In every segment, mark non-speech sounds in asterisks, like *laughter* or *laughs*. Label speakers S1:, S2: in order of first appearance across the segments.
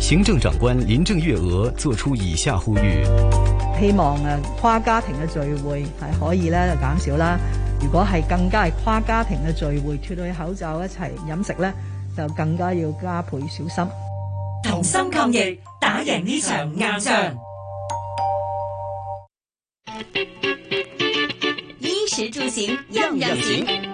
S1: 行政長官林鄭月娥作出以下呼籲：
S2: 希望誒跨家庭嘅聚會係可以咧減少啦。如果係更加係跨家庭嘅聚會，脫去口罩一齊飲食咧，就更加要加倍小心。
S3: 同心抗疫，
S2: 打贏呢場硬仗。衣食住行，
S4: 陰陰錢。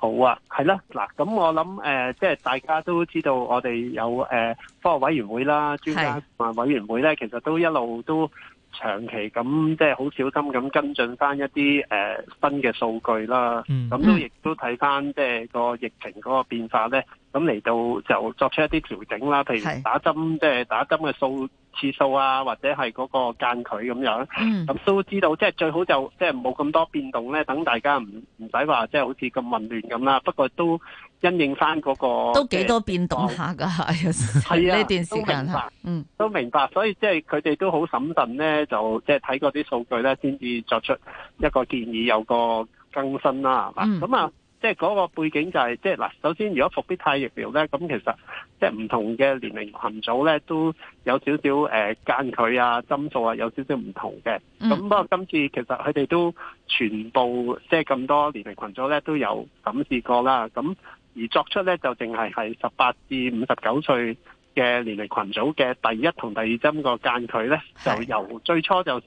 S5: 好啊，係啦，嗱，咁我諗，誒，即係大家都知道我，我哋有誒科學委員會啦、專家同埋委員會咧，其實都一路都。長期咁即係好小心咁跟進翻一啲誒、呃、新嘅數據啦，
S3: 咁、mm -hmm. 都亦
S5: 都睇翻即係個疫情嗰個變化呢，咁嚟到就作出一啲調整啦。譬如打針即係、就是、打針嘅數次數啊，或者係嗰個間距咁樣，咁、mm -hmm. 都知道即係、就是、最好就即係冇咁多變動呢。等大家唔唔使話即係好似咁混亂咁啦。不過都。因應翻、那、嗰個都幾多變動下
S6: 噶係呢段時間明白，嗯，
S5: 都明白，所以即係佢哋都好審慎咧，就即係睇嗰啲數據咧，先至作出一個建議，有個更新啦，係、嗯、嘛，咁啊，即係嗰個背景就係、是，即係嗱，首先如果伏必泰疫苗咧，咁其實即係唔同嘅年齡群組咧，都有少少誒、呃、間距啊，針數啊，有少少唔同嘅，咁、嗯、不過今次其實佢哋都全部即係咁多年齡群組咧，都有感試過啦，咁。而作出咧就淨係係十八至五十九歲嘅年齡群組嘅第一同第二針個間距咧，就由最初就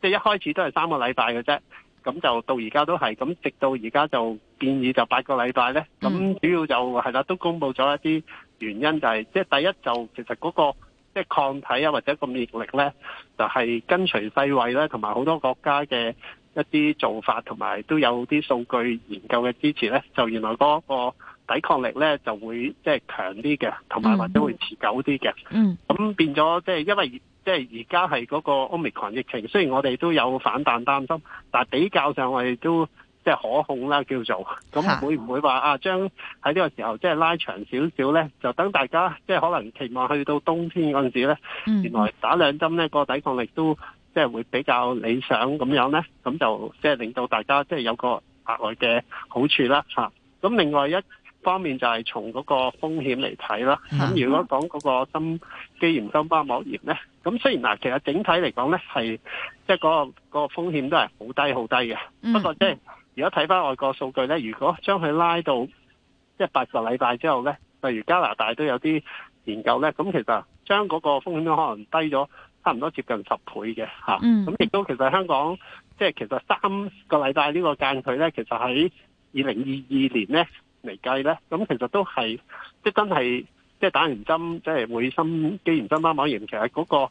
S5: 即係一開始都係三個禮拜嘅啫，咁就到而家都係咁，直到而家就建議就八個禮拜咧。咁主要就係啦、mm.，都公佈咗一啲原因、就係，就係即係第一就其實嗰、那個即係抗體啊，或者個免疫力咧，就係、是、跟隨世衛咧，同埋好多國家嘅一啲做法，同埋都有啲數據研究嘅支持咧，就原來嗰、那個。抵抗力咧就會即係、就是、強啲嘅，同埋或者會持久啲嘅。嗯。咁、嗯、變咗即係因為即係而家係嗰個奧密克戎疫情，雖然我哋都有反彈擔心，但係比較上我哋都即係、就是、可控啦，叫做。咁會唔會話啊，啊？將喺呢個時候即係、就是、拉長少少咧，就等大家即係、就是、可能期望去到冬天嗰陣時咧、
S3: 嗯，原來
S5: 打兩針咧、那個抵抗力都即係、就是、會比較理想咁樣咧，咁就即係、就是、令到大家即係、就是、有個額外嘅好處啦。嚇、啊，咁另外一。方面就係從嗰個風險嚟睇啦。咁如果講嗰個心肌炎、心包膜炎咧，咁雖然嗱，其實整體嚟講咧，係即係嗰個嗰個風險都係好低好低嘅、
S3: 嗯。不過即
S5: 係如果睇翻外國數據咧，如果將佢拉到即係八個禮拜之後咧，例如加拿大都有啲研究咧，咁其實將嗰個風險都可能低咗差唔多接近十倍嘅嚇。咁、嗯、亦、啊、都其實香港即係其實三個禮拜呢個間距咧，其實喺二零二二年咧。嚟計咧，咁其實都係即係真係即係打完針，即係會心肌炎針打完，其實嗰個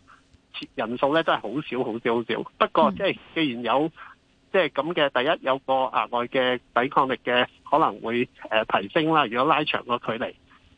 S5: 人數咧真係好少好少好少。不過即係既然有即係咁嘅，第一有個額外嘅抵抗力嘅可能會誒提升啦，如果拉長個距離，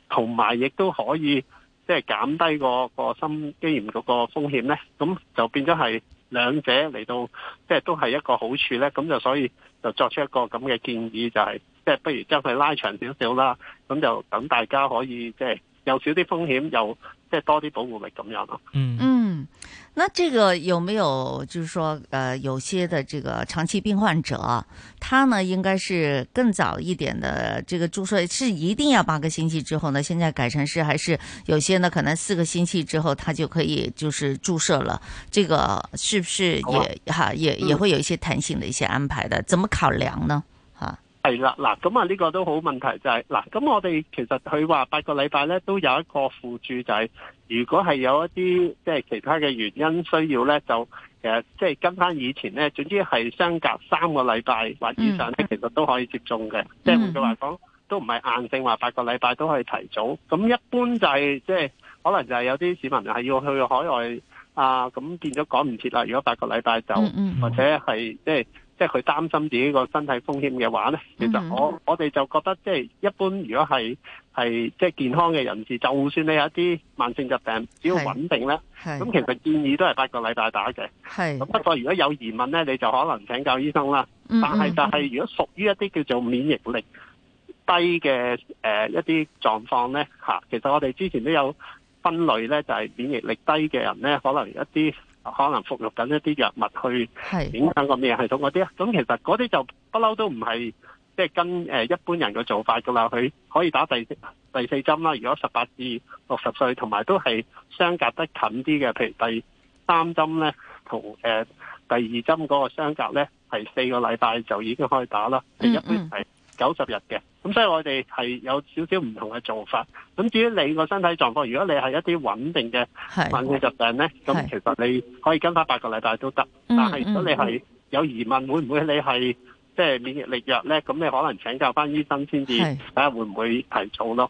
S5: 同埋亦都可以即係減低個個心肌炎嗰個風險咧。咁就變咗係兩者嚟到即係都係一個好處咧。咁就所以就作出一個咁嘅建議就係。即係不如將佢拉長少少啦，咁就等大家可以即係又少啲風險，又即係多啲保護力咁樣咯。
S3: 嗯，
S6: 那這個有沒有就是說，誒，有些的這個長期病患者，他呢應該是更早一點的這個注射是一定要八個星期之後呢？現在改成是還是有些呢可能四個星期之後，他就可以就是注射了？這個是不是也哈、啊啊、也也會有一些彈性的一些安排的？怎麼考量呢？
S5: 係啦，嗱，咁啊，呢個都好問題就係、是，嗱，咁我哋其實佢話八個禮拜咧都有一個附注。就係如果係有一啲即係其他嘅原因需要咧，就其實即係跟翻以前咧，總之係相隔三個禮拜或以上咧，mm. 其實都可以接種嘅。即係換句話講，都唔係硬性話八個禮拜都可以提早。咁一般就係即係可能就係有啲市民係要去海外啊，咁變咗趕唔切啦。如果八個禮拜就，mm. 或者係即係。就是即係佢擔心自己個身體風險嘅話咧，其實我我哋就覺得即係一般，如果係係即係健康嘅人士，就算你有一啲慢性疾病，只要穩定咧，咁其實建議都係八個禮拜打嘅。咁不過如果有疑問咧，你就可能請教醫生啦。但係就係如果屬於一啲叫做免疫力低嘅誒一啲狀況咧嚇，其實我哋之前都有分類咧，就係免疫力低嘅人咧，可能一啲。可能服用緊一啲藥物去影響個免疫系統嗰啲啊，咁其實嗰啲就不嬲都唔係即係跟誒一般人嘅做法噶啦，佢可以打第四第四針啦。如果十八至六十歲，同埋都係相隔得近啲嘅，譬如第三針咧同誒第二針嗰個相隔咧係四個禮拜就已經可以打啦，係一般係。九十日嘅，咁所以我哋係有少少唔同嘅做法。咁至於你個身體狀況，如果你係一啲穩定嘅慢性疾病咧，咁其實你可以跟翻八個禮拜都得、嗯。但係如果你係有疑問，嗯、會唔會你係即係免疫力弱咧？咁你可能請教翻醫生先至，睇下會唔會提早咯。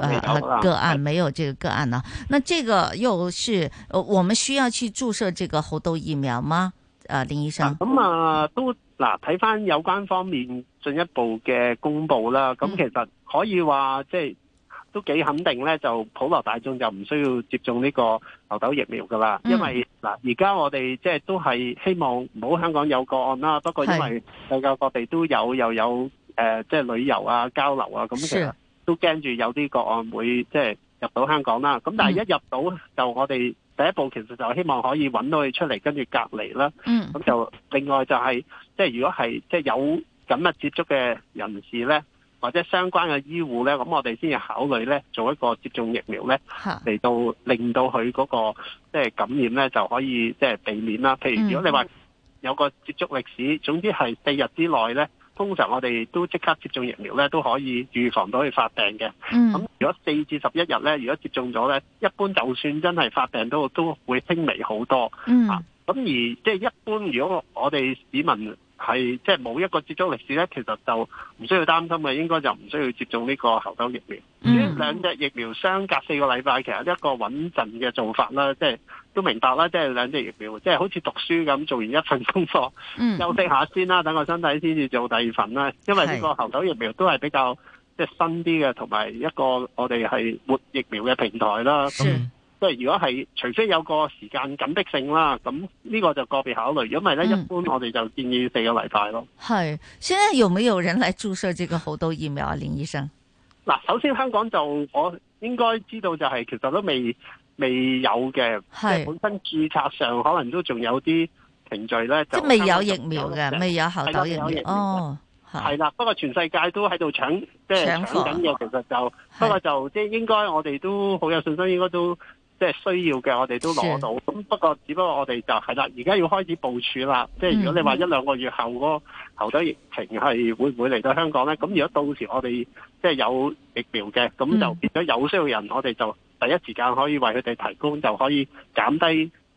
S6: 啊，啊個案沒有這個個案啦，啊，那這個又是，我們需要去注射這個猴痘疫苗嗎？啊，林醫生。咁啊，
S5: 啊都嗱睇，啊、翻有關方面進一步嘅公布啦。咁，嗯、其實可以話即係都幾肯定咧，就普羅大眾就唔需要接種呢個猴痘疫苗噶啦、嗯。因為嗱，而，啊、家我哋即係都係希望唔好香港有個案啦。不過因為世界各地都有又有誒，呃，即係旅遊啊、交流啊咁。都驚住有啲個案會即係入到香港啦，咁但係一入到就我哋第一步其實就希望可以揾到佢出嚟跟住隔離啦。嗯，咁就另外就係即係如果係即係有緊密接觸嘅人士咧，或者相關嘅醫護咧，咁我哋先至考慮咧做一個接種疫苗咧嚟到令到佢嗰個即係感染咧就可以即係避免啦。譬如如果你話有個接觸歷史，總之係四日之內咧。通常我哋都即刻接種疫苗咧，都可以預防到佢發病嘅。咁、mm. 如果四至十一日咧，如果接種咗咧，一般就算真係發病都都會輕微好多。Mm. 啊，咁而即係一般，如果我哋市民。係即係冇一個接觸歷史咧，其實就唔需要擔心嘅，應該就唔需要接種呢個猴痘疫苗。呢兩隻疫苗相隔四個禮拜，其實一個穩陣嘅做法啦，即係都明白啦，即係兩隻疫苗，即係好似讀書咁，做完一份功課，mm. 休息下先啦，等個身體先至做第二份啦。因為呢個猴痘疫苗都係比較即係新啲嘅，同埋一個我哋係活疫苗嘅平台啦。Mm. 即係如果係，除非有個時間緊迫性啦，咁呢個就個別考慮。因為咧，一般我哋就建議四個禮拜咯。
S6: 係，現在有冇人來注射這個猴痘疫苗啊？林醫生，
S5: 嗱，首先香港就我應該知道就係、是，其實都未未有嘅。係本身注冊上可能都仲有啲程序咧，即有就有未，有未有疫苗嘅，未有口有疫哦，係啦、哦，不過全世界都喺度搶，即係搶緊嘅。其實就不過就即係應該我哋都好有信心，應該都。即係需要嘅，我哋都攞到。咁不過，只不過我哋就係啦。而家要開始部署啦。即係如果你話一兩個月後嗰頭仔疫情係會唔會嚟到香港呢？咁如果到時我哋即係有疫苗嘅，咁就變咗有需要人，我哋就第一時間可以為佢哋提供，就可以減低。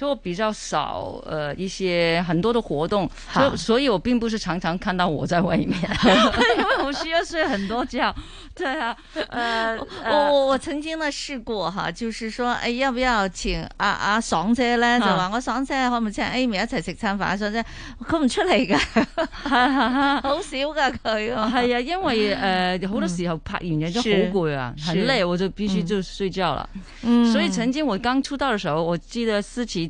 S2: 就比較少，呃，一些很多的活動，所所以，我並不是常常看到我在外面。
S6: *laughs* *laughs* 因為我需要睡很多覺。對啊，呃，我我、呃、我曾經呢試過哈，就是說，哎，要不要請阿啊，啊爽姐呢？就話、啊、我爽姐 *laughs* 好咪請 Amy 一齊食餐飯，爽姐，佢唔出嚟噶好少噶佢。係啊，啊 *laughs* *laughs* 因
S2: 為誒，好、呃、多時候拍完嘢，都好攰啊很累，我就必須就睡覺了。嗯，所以曾經我剛出道的時候，我記得思琪。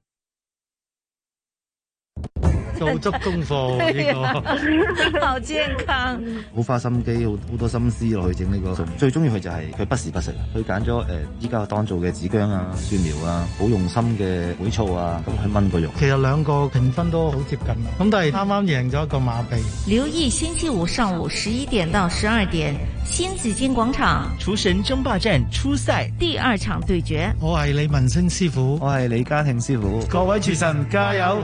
S7: 做足功課呢、
S8: 啊，這個好健康，
S7: 好 *laughs* 花心機，好好多心思落去整
S9: 呢、這個。最中意佢就係、是、佢不時不食，佢揀咗誒、依、呃、家當做嘅紫薑啊、蒜苗啊，好用心嘅梅醋啊，咁去炆個肉。其實兩個
S1: 評分都好接
S9: 近咁但係，啱
S6: 啱贏咗一個馬鼻。留意星期五上午十一點到十二點，新紫荊廣場廚神爭霸戰初賽第二場對決。我
S9: 係李文星師傅，我係李嘉慶師傅，各位廚神加油！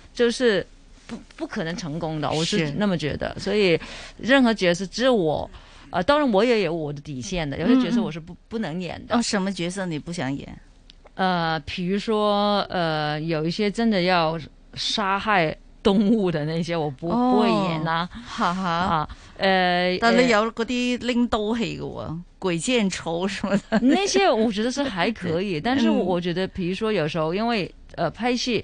S2: 就是不不可能成功的，我是那麼覺得。所以任何角色只有我，呃，當然我也有我的底線的。嗯嗯，有些角色我是不不能演的。啊、哦，什麼角色你不想演？呃，比如說呃，有一些真的要殺害動物的那些，我不會演呐、啊哦啊。哈哈。啊、呃，但是有
S6: 嗰啲拎刀戲嘅鬼見愁什麼的。那些
S2: 我覺得是還可以， *laughs* 但是我覺得，比如說有時候因為、嗯、呃拍戲。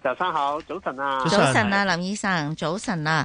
S5: 早晨好，早晨啊！早晨啊，
S6: 林醫生，早晨啊！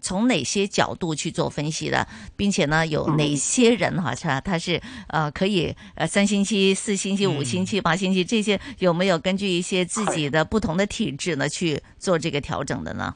S6: 從哪些角度去做分析的，並且呢，有哪些人哈、嗯，他是，呃可以，呃三星期、四星期、嗯、五星期、八星期這些，有沒有根據一些自己的不同的體質呢去做這個調整的呢？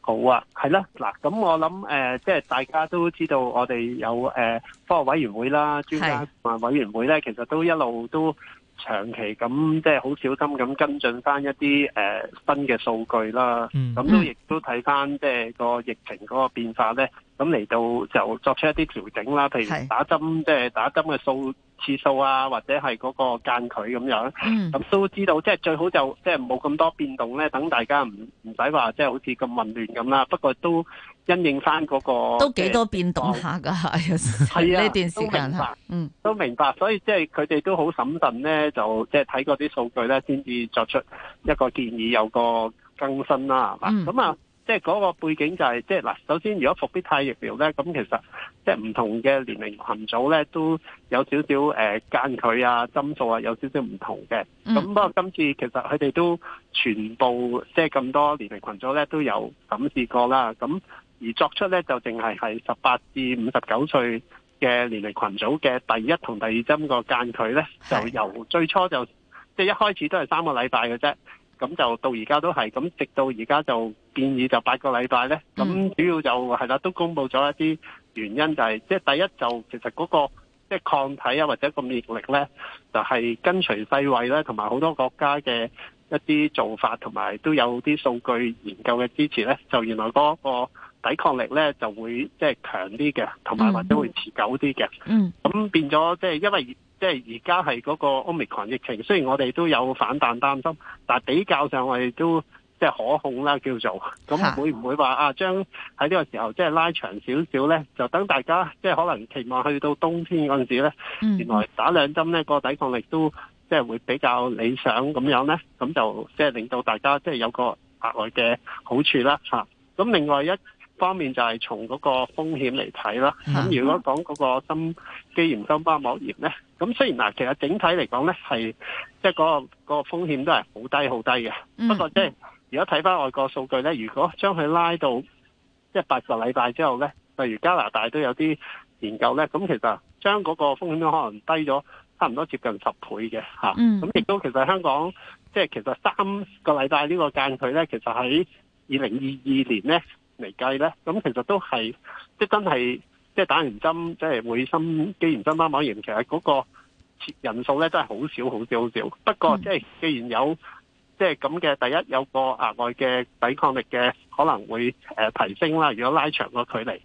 S5: 好啊，係啦。嗱，咁我諗，誒，即係大家都知道，我哋有誒科學委員會啦，專家同埋委員會咧，其實都一路都。長期咁即係好小心咁跟進翻一啲誒、呃、新嘅數據啦，
S3: 咁、嗯、都亦
S5: 都睇翻即係個疫情嗰個變化呢，咁嚟到就作出一啲調整啦。譬如打針，即、就、係、是、打針嘅數次數啊，或者係嗰個間距咁樣，嗯、咁都知道即係、就是、最好就即係冇咁多變動呢。等大家唔唔使話即係好似咁混亂咁啦。不過都。因應翻、那、嗰個都幾多變動下㗎，
S3: 係啊呢段時間都明白，嗯，
S5: 都明白，所以即係佢哋都好審慎咧，就即係睇嗰啲數據咧，先至作出一個建議，有個更新啦，係嘛、嗯？咁啊，即係嗰個背景就係即係嗱，首先如果復必泰疫苗咧，咁其實即係唔同嘅年齡群組咧，都有少少誒間距啊、針數啊，有少少唔同嘅。咁、嗯、不過今次其實佢哋都全部即係咁多年齡群組咧都有審視過啦，咁。而作出咧就淨係係十八至五十九歲嘅年齡群組嘅第一同第二針個間距咧，就由最初就即係一開始都係三個禮拜嘅啫，咁就到而家都係，咁直到而家就建議就八個禮拜咧。咁主要就係啦、mm.，都公布咗一啲原因、就是，就係即係第一就其實嗰、那個即係抗體啊或者個免疫力咧，就係、是、跟隨世衛啦，同埋好多國家嘅一啲做法同埋都有啲數據研究嘅支持咧，就原來嗰、那個。抵抗力咧就會即係強啲嘅，同埋或者會持久啲嘅。嗯，咁變咗即係因為即係而家係嗰個 Omicron 疫情，雖然我哋都有反彈擔心，但係比較上我哋都即係可控啦，叫做咁會唔會話啊？將喺呢個時候即係拉長少少咧，就等大家即係可能期望去到冬天嗰陣時咧、嗯，原來打兩針咧、個抵抗力都即係會比較理想咁樣咧，咁就即係令到大家即係有個額外嘅好處啦，嚇、啊。咁另外一方面就係從嗰個風險嚟睇啦。咁如果講嗰個心肌炎、心包膜炎咧，咁雖然嗱，其實整體嚟講咧，係即係嗰個嗰個風險都係好低、好低嘅。不過即係如果睇翻外國數據咧，如果將佢拉到即係八個禮拜之後咧，例如加拿大都有啲研究咧，咁其實將嗰個風險都可能低咗差唔多接近十倍嘅嚇。咁亦都其實香港即係其實三個禮拜呢個間距咧，其實喺二零二二年咧，嚟計咧，咁其實都係即、就是、真係即係打完針，即、就、係、是、會心肌炎、心包炎，其實嗰個人數咧真係好少、好少、好少。不過即係、就是、既然有即係咁嘅，第一有個額外嘅抵抗力嘅可能會誒提升啦，如果拉長個距離，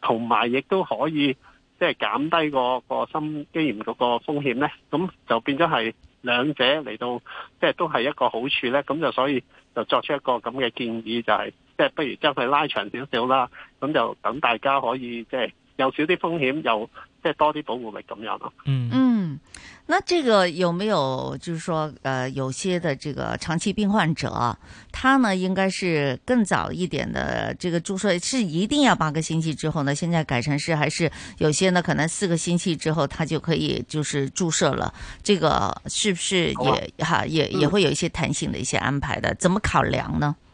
S5: 同埋亦都可以即係、就是、減低個個心肌炎嗰個風險咧。咁就變咗係兩者嚟到，即、就、係、是、都係一個好處咧。咁就所以就作出一個咁嘅建議，就係、是。即係不如將佢拉長少少啦，咁就等大家可以即係又少啲風險，又即係多啲保護力咁樣咯。
S3: 嗯，
S6: 那這個有沒有就是說，呃，有些的這個長期病患者，他呢應該是更早一點的這個注射，是一定要八個星期之後呢？現在改成是還是有些呢？可能四個星期之後，他就可以就是注射了。這個是不是也哈、啊啊、也也會有一些彈性的一些安排的？怎麼考量呢？嗯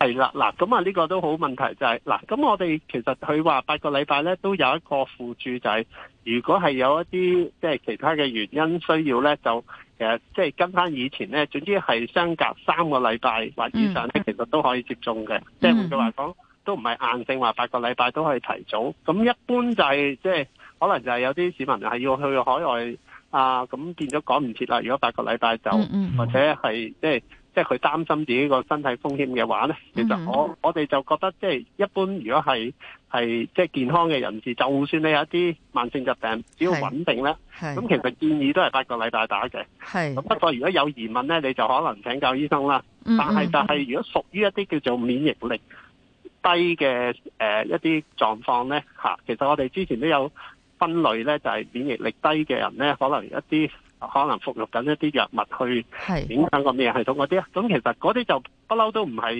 S5: 係啦，嗱，咁啊呢個都好問題，就係、是，嗱，咁我哋其實佢話八個禮拜咧都有一個附註。就係，如果係有一啲即係其他嘅原因需要咧，就其實即係跟翻以前咧，總之係相隔三個禮拜或以上咧，其實都可以接種嘅，即係換句話講，都唔係硬性話八個禮拜都可以提早。咁一般就係即係，可能就係有啲市民係要去海外啊，咁變咗趕唔切啦。如果八個禮拜就嗯嗯，或者係即係。就是即係佢擔心自己個身體風險嘅話咧，其實我我哋就覺得即係一般，如果係係即係健康嘅人士，就算你有一啲慢性疾病，只要穩定咧，咁其實建議都係八個禮拜打嘅。
S3: 係咁，不
S5: 過如果有疑問咧，你就可能請教醫生啦。
S3: 但係但係
S5: 如果屬於一啲叫做免疫力低嘅誒一啲狀況咧嚇，其實我哋之前都有分類咧，就係免疫力低嘅人咧，可能一啲。可能服用緊一啲藥物去影響個免疫系統嗰啲，咁其實嗰啲就不嬲都唔係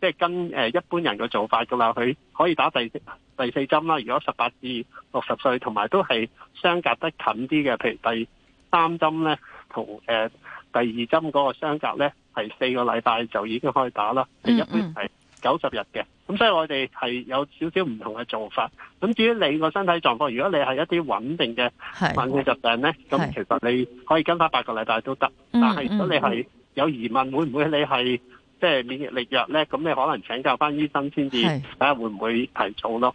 S5: 即係跟誒一般人嘅做法嘅啦。佢可以打第第四針啦。如果十八至六十歲，同埋都係相隔得近啲嘅，譬如第三針呢，同誒、呃、第二針嗰個相隔呢，係四個禮拜就已經可以打啦。係一般九十日嘅，咁所以我哋係有少少唔同嘅做法。咁至於你個身體狀況，如果你係一啲穩定嘅慢性疾病咧，咁其實你可以跟翻八個禮拜都得、嗯。但係如果你係有疑問，嗯、會唔會你係即係免疫力弱咧？咁你可能請教翻醫生先至，睇下會唔會提早咯。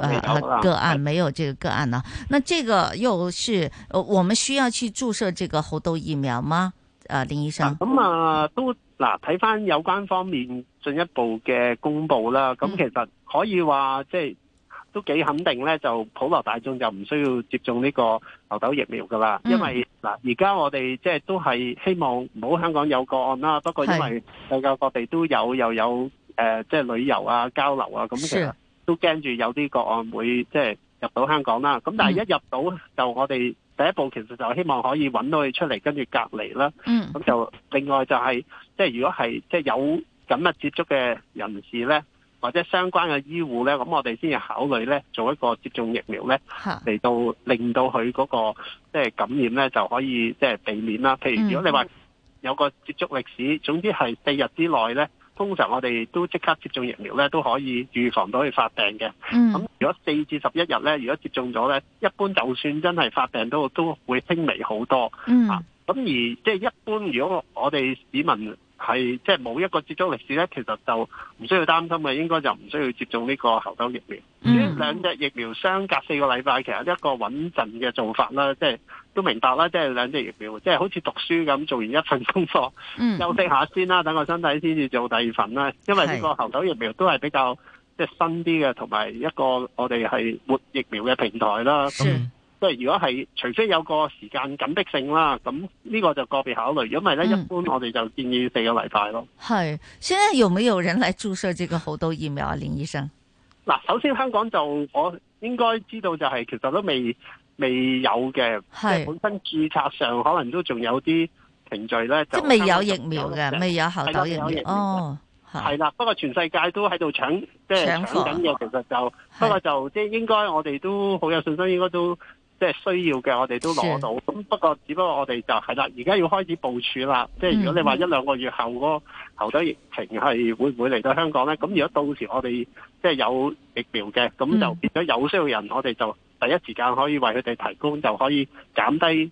S6: 呃、啊、個案沒有這個個案啦、啊，那這個又是，我們需要去注射這個猴痘疫苗嗎？啊，林醫生。咁啊，
S5: 啊都嗱，睇、啊、翻有關方面進一步嘅公布啦。咁其實可以話即係都幾肯定咧，就普羅大眾就唔需要接種呢個猴痘疫苗噶啦、嗯。因為嗱，而、啊、家我哋即係都係希望唔好香港有個案啦。不過因為世界各地都有又有誒即係旅遊啊交流啊咁其實。都驚住有啲個案會即係入到香港啦，咁但係一入到就我哋第一步其實就希望可以揾到佢出嚟跟住隔離啦。嗯，咁就另外就係即係如果係即係有緊密接觸嘅人士咧，或者相關嘅醫護咧，咁我哋先至考慮咧做一個接種疫苗咧嚟到令到佢嗰個即係感染咧就可以即係避免啦。譬如如果你話有個接觸歷史，總之係四日之內咧。通常我哋都即刻接種疫苗咧，都可以預防到佢發病嘅。
S3: 咁、mm.
S5: 如果四至十一日咧，如果接種咗咧，一般就算真係發病都都會輕微好多。咁、mm. 啊、而即係一般，如果我哋市民。係即係冇一個接觸歷史咧，其實就唔需要擔心嘅，應該就唔需要接種呢個喉頭疫苗。兩、嗯、隻疫苗相隔四個禮拜，其實一個穩陣嘅做法啦，即係都明白啦，即係兩隻疫苗，即係好似讀書咁，做完一份功課、嗯，
S3: 休息下
S5: 先啦，等個身體先至做第二份啦。因為呢個喉頭疫苗都係比較即係新啲嘅，同埋一個我哋係活疫苗嘅平台啦。即係如果係，除非有個時間緊迫性啦，咁呢個就個別考慮。如果唔係咧，一般我哋就建議四個禮拜咯。
S6: 係，先有冇有人來注射這個猴痘疫苗啊？林醫生，
S5: 嗱，首先香港就我應該知道就係、是，其實都未未有嘅，即係本身注冊上可能都仲有啲程序咧，即係未有疫苗嘅，未有猴痘疫苗。哦，係啦、哦，不過全世界都喺度搶，即係搶緊嘅，其實就不過就即係應該我哋都好有信心，應該都。即係需要嘅，我哋都攞到。咁不過，只不過我哋就係啦。而家要開始部署啦。即係如果你話一兩個月後嗰個頭疫情係會唔會嚟到香港咧？咁如果到時我哋即係有疫苗嘅，咁就變咗有需要人，我哋就第一時間可以為佢哋提供，就可以減低